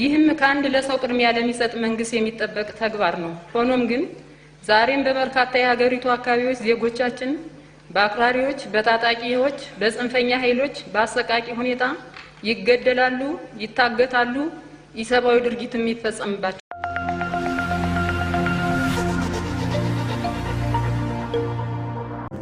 ይህም ከአንድ ለሰው ቅድሚያ ለሚሰጥ መንግስት የሚጠበቅ ተግባር ነው። ሆኖም ግን ዛሬም በበርካታ የሀገሪቱ አካባቢዎች ዜጎቻችን በአክራሪዎች፣ በታጣቂዎች፣ በጽንፈኛ ኃይሎች በአሰቃቂ ሁኔታ ይገደላሉ፣ ይታገታሉ፣ ኢሰብአዊ ድርጊትም ይፈጸምባቸው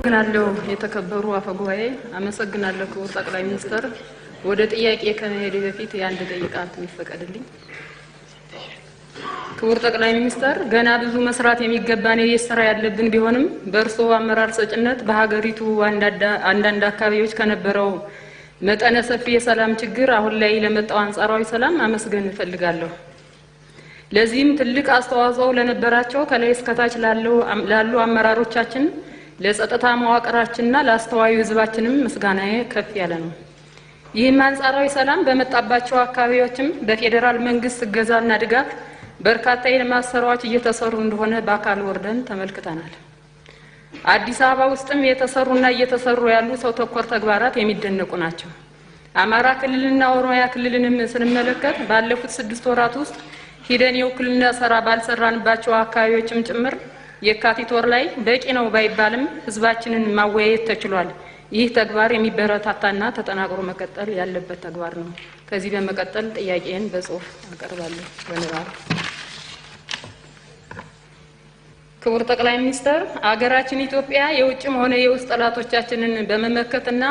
አመሰግናለሁ የተከበሩ አፈጉባኤ፣ አመሰግናለሁ ክቡር ጠቅላይ ሚኒስትር። ወደ ጥያቄ ከመሄድ በፊት የአንድ ደቂቃ ይፈቀድልኝ። ክቡር ጠቅላይ ሚኒስትር፣ ገና ብዙ መስራት የሚገባን የቤት ስራ ያለብን ቢሆንም በእርስዎ አመራር ሰጭነት በሀገሪቱ አንዳንድ አካባቢዎች ከነበረው መጠነ ሰፊ የሰላም ችግር አሁን ላይ ለመጣው አንጻራዊ ሰላም አመስገን እንፈልጋለሁ። ለዚህም ትልቅ አስተዋጽኦ ለነበራቸው ከላይ እስከታች ላሉ አመራሮቻችን ለጸጥታ መዋቅራችንና ለአስተዋዩ ህዝባችንም ምስጋናዬ ከፍ ያለ ነው። ይህም አንጻራዊ ሰላም በመጣባቸው አካባቢዎችም በፌዴራል መንግስት እገዛና ድጋፍ በርካታ የልማት ስራዎች እየተሰሩ እንደሆነ በአካል ወርደን ተመልክተናል። አዲስ አበባ ውስጥም የተሰሩና እየተሰሩ ያሉ ሰው ተኮር ተግባራት የሚደነቁ ናቸው። አማራ ክልልና ኦሮሚያ ክልልንም ስንመለከት ባለፉት ስድስት ወራት ውስጥ ሂደን የውክልና ስራ ባልሰራንባቸው አካባቢዎችም ጭምር የካቲት ወር ላይ በቂ ነው ባይባልም ህዝባችንን ማወያየት ተችሏል። ይህ ተግባር የሚበረታታና ተጠናቅሮ መቀጠል ያለበት ተግባር ነው። ከዚህ በመቀጠል ጥያቄን በጽሁፍ አቀርባለሁ። በንባብ ክቡር ጠቅላይ ሚኒስትር፣ አገራችን ኢትዮጵያ የውጭም ሆነ የውስጥ ጠላቶቻችንን በመመከትና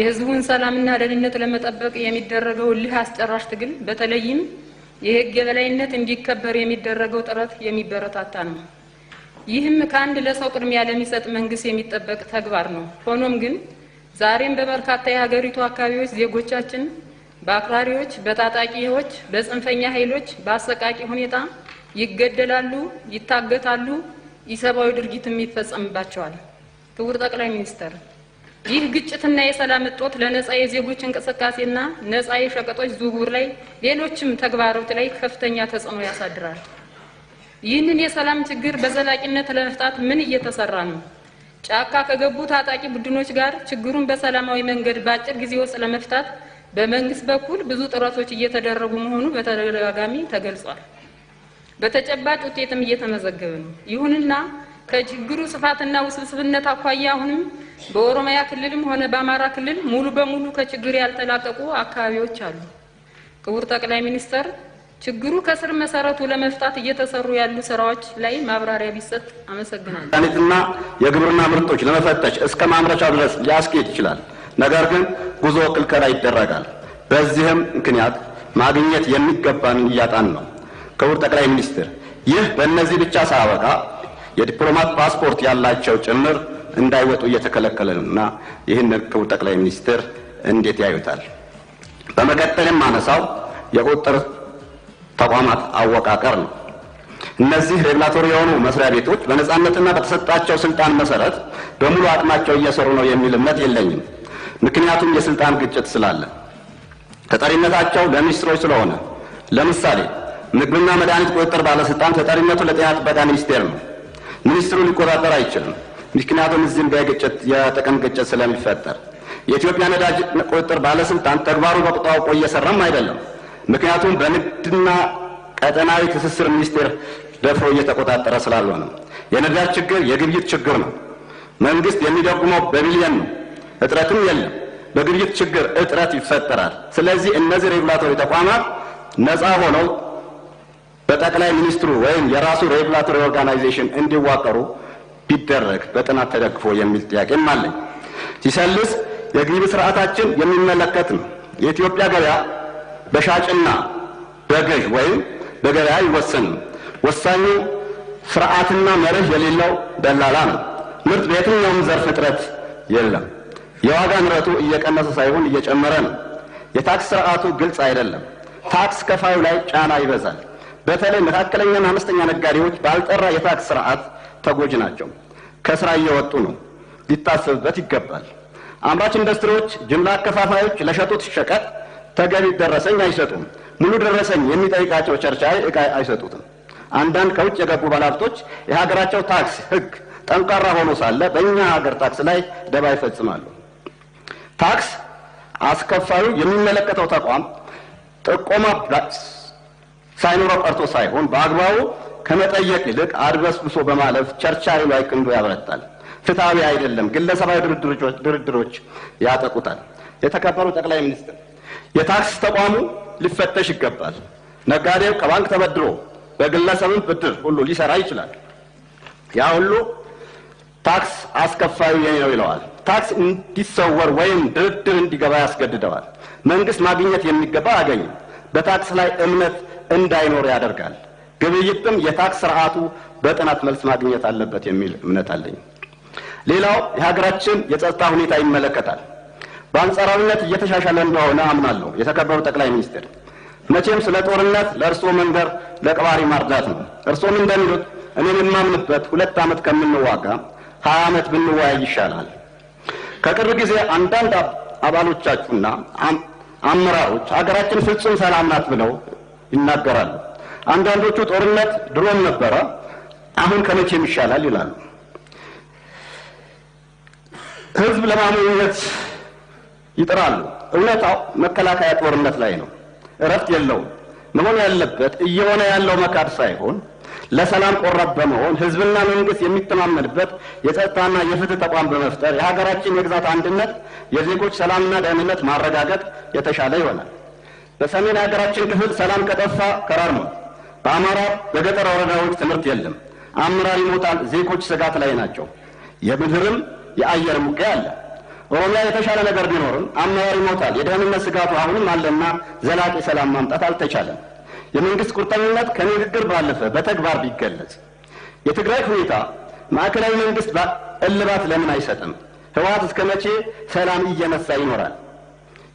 የህዝቡን ሰላምና ደህንነት ለመጠበቅ የሚደረገው ልህ አስጨራሽ ትግል በተለይም የህግ የበላይነት እንዲከበር የሚደረገው ጥረት የሚበረታታ ነው። ይህም ከአንድ ለሰው ቅድሚያ ለሚሰጥ መንግስት የሚጠበቅ ተግባር ነው። ሆኖም ግን ዛሬም በበርካታ የሀገሪቱ አካባቢዎች ዜጎቻችን በአክራሪዎች፣ በታጣቂዎች፣ በጽንፈኛ ኃይሎች በአሰቃቂ ሁኔታ ይገደላሉ፣ ይታገታሉ፣ ኢሰብአዊ ድርጊትም ይፈጸምባቸዋል። ክቡር ጠቅላይ ሚኒስትር፣ ይህ ግጭትና የሰላም እጦት ለነፃ የዜጎች እንቅስቃሴና ነፃ የሸቀጦች ዝውውር ላይ ሌሎችም ተግባሮች ላይ ከፍተኛ ተጽዕኖ ያሳድራል። ይህንን የሰላም ችግር በዘላቂነት ለመፍታት ምን እየተሰራ ነው? ጫካ ከገቡ ታጣቂ ቡድኖች ጋር ችግሩን በሰላማዊ መንገድ በአጭር ጊዜ ውስጥ ለመፍታት በመንግስት በኩል ብዙ ጥረቶች እየተደረጉ መሆኑ በተደጋጋሚ ተገልጿል። በተጨባጭ ውጤትም እየተመዘገበ ነው። ይሁንና ከችግሩ ስፋትና ውስብስብነት አኳያ አሁንም በኦሮሚያ ክልልም ሆነ በአማራ ክልል ሙሉ በሙሉ ከችግር ያልተላቀቁ አካባቢዎች አሉ። ክቡር ጠቅላይ ሚኒስትር ችግሩ ከስር መሰረቱ ለመፍታት እየተሰሩ ያሉ ስራዎች ላይ ማብራሪያ ቢሰጥ አመሰግናለሁ። መድኃኒትና የግብርና ምርቶች ለመፈተሽ እስከ ማምረቻ ድረስ ሊያስኬድ ይችላል። ነገር ግን ጉዞ ክልከላ ይደረጋል። በዚህም ምክንያት ማግኘት የሚገባን እያጣን ነው። ክቡር ጠቅላይ ሚኒስትር፣ ይህ በእነዚህ ብቻ ሳያበቃ የዲፕሎማት ፓስፖርት ያላቸው ጭምር እንዳይወጡ እየተከለከለ ነውና ይህንን ክቡር ጠቅላይ ሚኒስትር እንዴት ያዩታል? በመቀጠልም አነሳው የቁጥር ተቋማት አወቃቀር ነው። እነዚህ ሬጉላቶሪ የሆኑ መስሪያ ቤቶች በነጻነትና በተሰጣቸው ስልጣን መሰረት በሙሉ አቅማቸው እየሰሩ ነው የሚል እምነት የለኝም። ምክንያቱም የስልጣን ግጭት ስላለ ተጠሪነታቸው ለሚኒስትሮች ስለሆነ፣ ለምሳሌ ምግብና መድኃኒት ቁጥጥር ባለስልጣን ተጠሪነቱ ለጤና ጥበቃ ሚኒስቴር ነው። ሚኒስትሩ ሊቆጣጠር አይችልም። ምክንያቱም እዚህም በግጭት ግጭት የጥቅም ግጭት ስለሚፈጠር የኢትዮጵያ ነዳጅ ቁጥጥር ባለስልጣን ተግባሩ በቁጣው እየሰራም አይደለም። ምክንያቱም በንግድና ቀጠናዊ ትስስር ሚኒስቴር ደፍሮ እየተቆጣጠረ ስላልሆነ የነዳጅ ችግር የግብይት ችግር ነው። መንግስት የሚደጉመው በሚሊየን ነው። እጥረትም የለም። በግብይት ችግር እጥረት ይፈጠራል። ስለዚህ እነዚህ ሬጉላቶሪ ተቋማት ነፃ ሆነው በጠቅላይ ሚኒስትሩ ወይም የራሱ ሬጉላቶሪ ኦርጋናይዜሽን እንዲዋቀሩ ቢደረግ በጥናት ተደግፎ የሚል ጥያቄም አለኝ። ሲሰልስ የግብይት ስርዓታችን የሚመለከት ነው። የኢትዮጵያ ገበያ በሻጭና በገዥ ወይም በገበያ አይወሰንም። ወሳኙ ስርዓትና መርህ የሌለው ደላላ ነው። ምርት በየትኛውም ዘርፍ እጥረት የለም። የዋጋ ንረቱ እየቀነሰ ሳይሆን እየጨመረ ነው። የታክስ ስርዓቱ ግልጽ አይደለም። ታክስ ከፋዩ ላይ ጫና ይበዛል። በተለይ መካከለኛና አነስተኛ ነጋዴዎች ባልጠራ የታክስ ስርዓት ተጎጂ ናቸው። ከስራ እየወጡ ነው። ሊታሰብበት ይገባል። አምራች ኢንዱስትሪዎች፣ ጅምላ አከፋፋዮች ለሸጡት ሸቀጥ ተገቢ ደረሰኝ አይሰጡም። ሙሉ ደረሰኝ የሚጠይቃቸው ቸርቻሪ እቃ አይሰጡትም። አንዳንድ ከውጭ የገቡ ባለሀብቶች የሀገራቸው ታክስ ህግ ጠንካራ ሆኖ ሳለ በእኛ ሀገር ታክስ ላይ ደባ ይፈጽማሉ። ታክስ አስከፋዩ የሚመለከተው ተቋም ጥቆማ ሳይኖረው ቀርቶ ሳይሆን በአግባቡ ከመጠየቅ ይልቅ አድበስብሶ በማለፍ ቸርቻሪ ላይ ክንዱ ያበረታል። ፍትሐዊ አይደለም። ግለሰባዊ ድርድሮች ያጠቁታል። የተከበሩ ጠቅላይ ሚኒስትር የታክስ ተቋሙ ሊፈተሽ ይገባል። ነጋዴው ከባንክ ተበድሮ በግለሰብም ብድር ሁሉ ሊሰራ ይችላል። ያ ሁሉ ታክስ አስከፋዩ የኔ ነው ይለዋል። ታክስ እንዲሰወር ወይም ድርድር እንዲገባ ያስገድደዋል። መንግስት ማግኘት የሚገባ አገኝም። በታክስ ላይ እምነት እንዳይኖር ያደርጋል። ግብይትም የታክስ ስርዓቱ በጥናት መልስ ማግኘት አለበት የሚል እምነት አለኝ። ሌላው የሀገራችን የጸጥታ ሁኔታ ይመለከታል። በአንጻራዊነት እየተሻሻለ እንደሆነ አምናለሁ። የተከበሩ ጠቅላይ ሚኒስትር፣ መቼም ስለ ጦርነት ለእርስዎ መንገር ለቅባሪ ማርዳት ነው። እርስዎም እንደሚሉት እኔን የማምንበት ሁለት ዓመት ከምንዋጋ ሀያ ዓመት ብንወያይ ይሻላል። ከቅርብ ጊዜ አንዳንድ አባሎቻችሁና አመራሮች ሀገራችን ፍጹም ሰላም ናት ብለው ይናገራሉ። አንዳንዶቹ ጦርነት ድሮም ነበረ፣ አሁን ከመቼም ይሻላል ይላሉ። ህዝብ ለማሞኘት ይጥራሉ። እውነታው መከላከያ ጦርነት ላይ ነው፣ እረፍት የለውም። መሆን ያለበት እየሆነ ያለው መካድ ሳይሆን ለሰላም ቆራጥ በመሆን ህዝብና መንግስት የሚተማመንበት የጸጥታና የፍትህ ተቋም በመፍጠር የሀገራችን የግዛት አንድነት፣ የዜጎች ሰላምና ደህንነት ማረጋገጥ የተሻለ ይሆናል። በሰሜን ሀገራችን ክፍል ሰላም ከጠፋ ከራርሟል። በአማራ በገጠር ወረዳዎች ትምህርት የለም፣ አመራር ይሞታል፣ ዜጎች ስጋት ላይ ናቸው። የምድርም የአየር ሙቀያ አለ። ኦሮሚያ የተሻለ ነገር ቢኖርም አመራር ይሞታል። የደህንነት ስጋቱ አሁንም አለና ዘላቂ ሰላም ማምጣት አልተቻለም። የመንግስት ቁርጠኝነት ከንግግር ባለፈ በተግባር ቢገለጽ። የትግራይ ሁኔታ ማዕከላዊ መንግስት እልባት ለምን አይሰጥም? ህወሓት እስከ መቼ ሰላም እየነሳ ይኖራል?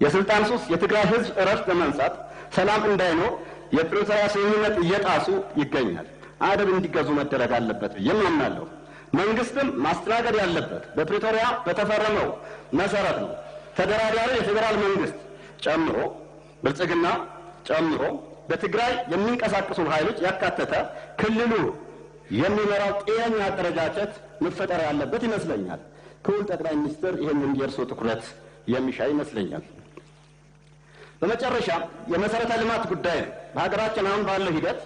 የስልጣን ሱስ የትግራይ ህዝብ እረፍት በመንሳት ሰላም እንዳይኖር የፕሪቶሪያ ስምምነት እየጣሱ ይገኛል። አደብ እንዲገዙ መደረግ አለበት ብዬም አምናለሁ። መንግስትም ማስተናገድ ያለበት በፕሪቶሪያ በተፈረመው መሰረት ነው። ተደራዳሪው የፌዴራል መንግስት ጨምሮ ብልጽግና ጨምሮ በትግራይ የሚንቀሳቀሱ ኃይሎች ያካተተ ክልሉ የሚመራው ጤነኛ አደረጃጀት መፈጠር ያለበት ይመስለኛል። ክቡር ጠቅላይ ሚኒስትር ይህንን የእርስዎ ትኩረት የሚሻ ይመስለኛል። በመጨረሻ የመሰረተ ልማት ጉዳይ ነው። በሀገራችን አሁን ባለው ሂደት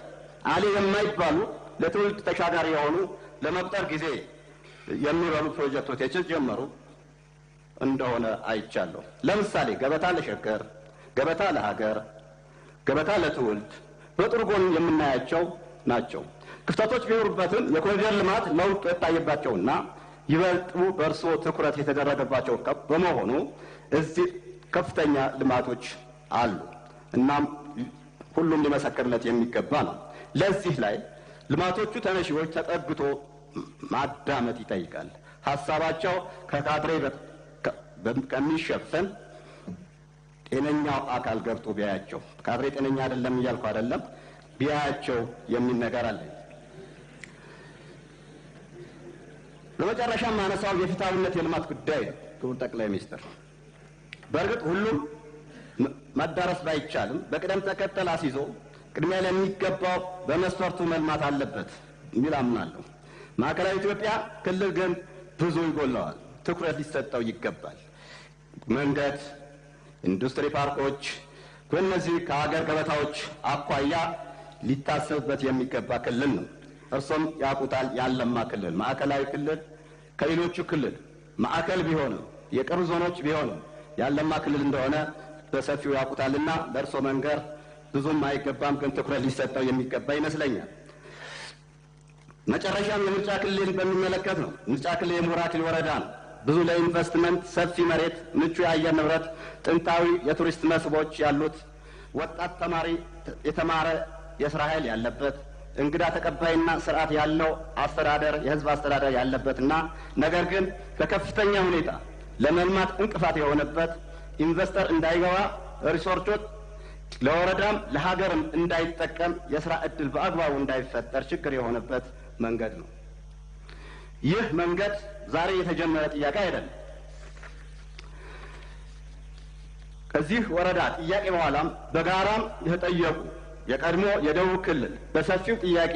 አሌ የማይባሉ ለትውልድ ተሻጋሪ የሆኑ ለመቁጠር ጊዜ የሚበሉ ፕሮጀክቶች የተጀመሩ እንደሆነ አይቻለሁ። ለምሳሌ ገበታ ለሸገር፣ ገበታ ለሀገር፣ ገበታ ለትውልድ በጥሩ ጎን የምናያቸው ናቸው። ክፍተቶች ቢኖሩበትም የኮሪደር ልማት ለውጥ የታየባቸውና ይበልጡ በእርስዎ ትኩረት የተደረገባቸው በመሆኑ እዚህ ከፍተኛ ልማቶች አሉ። እናም ሁሉም ሊመሰክርለት የሚገባ ነው። ለዚህ ላይ ልማቶቹ ተነሺዎች ተጠግቶ ማዳመጥ ይጠይቃል። ሀሳባቸው ከካድሬ ከሚሸፈን ጤነኛው አካል ገብቶ ቢያያቸው፣ ካድሬ ጤነኛ አይደለም እያልኩ አይደለም፣ ቢያያቸው የሚል ነገር አለ። ለመጨረሻ ማነሳው የፍትሐዊነት የልማት ጉዳይ ነው። ክቡር ጠቅላይ ሚኒስትር፣ በእርግጥ ሁሉም መዳረስ ባይቻልም በቅደም ተከተል አስይዞ ቅድሚያ ለሚገባው በመስፈርቱ መልማት አለበት የሚል አምናለሁ። ማዕከላዊ ኢትዮጵያ ክልል ግን ብዙ ይጎለዋል፣ ትኩረት ሊሰጠው ይገባል። መንገድ፣ ኢንዱስትሪ ፓርኮች ከእነዚህ ከሀገር ገበታዎች አኳያ ሊታሰብበት የሚገባ ክልል ነው። እርሶም ያውቁታል፣ ያለማ ክልል ማዕከላዊ ክልል ከሌሎቹ ክልል ማዕከል ቢሆንም የቅርብ ዞኖች ቢሆንም ያለማ ክልል እንደሆነ በሰፊው ያውቁታልና ለእርሶ መንገር ብዙም አይገባም፣ ግን ትኩረት ሊሰጠው የሚገባ ይመስለኛል። መጨረሻም የምርጫ ክልል በሚመለከት ነው። ምርጫ ክልል የሙራ ክልል ወረዳ ነው። ብዙ ለኢንቨስትመንት ሰፊ መሬት፣ ምቹ የአየር ንብረት፣ ጥንታዊ የቱሪስት መስህቦች ያሉት፣ ወጣት ተማሪ የተማረ የስራ ኃይል ያለበት፣ እንግዳ ተቀባይና ስርዓት ያለው አስተዳደር የህዝብ አስተዳደር ያለበትና ነገር ግን በከፍተኛ ሁኔታ ለመልማት እንቅፋት የሆነበት ኢንቨስተር እንዳይገባ ሪሶርቾች ለወረዳም ለሀገርም እንዳይጠቀም የስራ እድል በአግባቡ እንዳይፈጠር ችግር የሆነበት መንገድ ነው። ይህ መንገድ ዛሬ የተጀመረ ጥያቄ አይደለም። ከዚህ ወረዳ ጥያቄ በኋላም በጋራም የተጠየቁ የቀድሞ የደቡብ ክልል በሰፊው ጥያቄ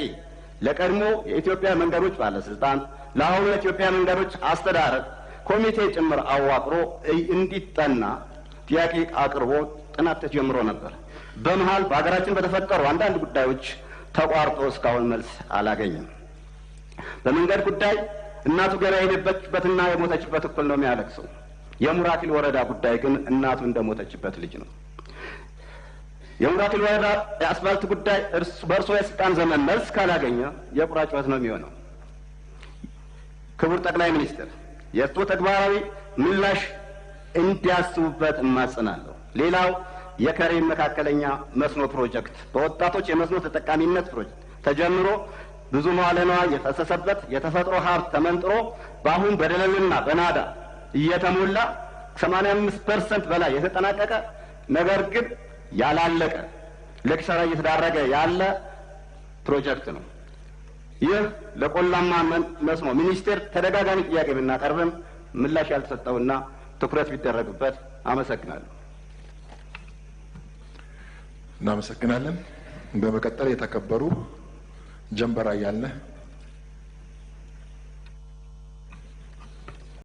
ለቀድሞ የኢትዮጵያ መንገዶች ባለስልጣን ለአሁኑ የኢትዮጵያ መንገዶች አስተዳደር ኮሚቴ ጭምር አዋቅሮ እንዲጠና ጥያቄ አቅርቦ ጥናት ተጀምሮ ነበር። በመሀል በሀገራችን በተፈጠሩ አንዳንድ ጉዳዮች ተቋርጦ እስካሁን መልስ አላገኝም። በመንገድ ጉዳይ እናቱ ገና የሌበችበትና የሞተችበት እኩል ነው የሚያለቅሰው። የሙራቲል ወረዳ ጉዳይ ግን እናቱ እንደሞተችበት ልጅ ነው። የሙራቲል ወረዳ የአስፋልት ጉዳይ በእርስዎ የስልጣን ዘመን መልስ ካላገኘ የቁራ ጩኸት ነው የሚሆነው። ክቡር ጠቅላይ ሚኒስትር የእርስዎ ተግባራዊ ምላሽ እንዲያስቡበት እማጽናለሁ። ሌላው የከሬም መካከለኛ መስኖ ፕሮጀክት በወጣቶች የመስኖ ተጠቃሚነት ፕሮጀክት ተጀምሮ ብዙ መዋለ ንዋይ የፈሰሰበት የተፈጥሮ ሀብት ተመንጥሮ በአሁን በደለልና በናዳ እየተሞላ 85 ፐርሰንት በላይ የተጠናቀቀ ነገር ግን ያላለቀ ለኪሳራ እየተዳረገ ያለ ፕሮጀክት ነው። ይህ ለቆላማ መስኖ ሚኒስቴር ተደጋጋሚ ጥያቄ ብናቀርብም ምላሽ ያልተሰጠውና ትኩረት ቢደረግበት አመሰግናለሁ። እናመሰግናለን። በመቀጠል የተከበሩ ጀንበራ ያለ።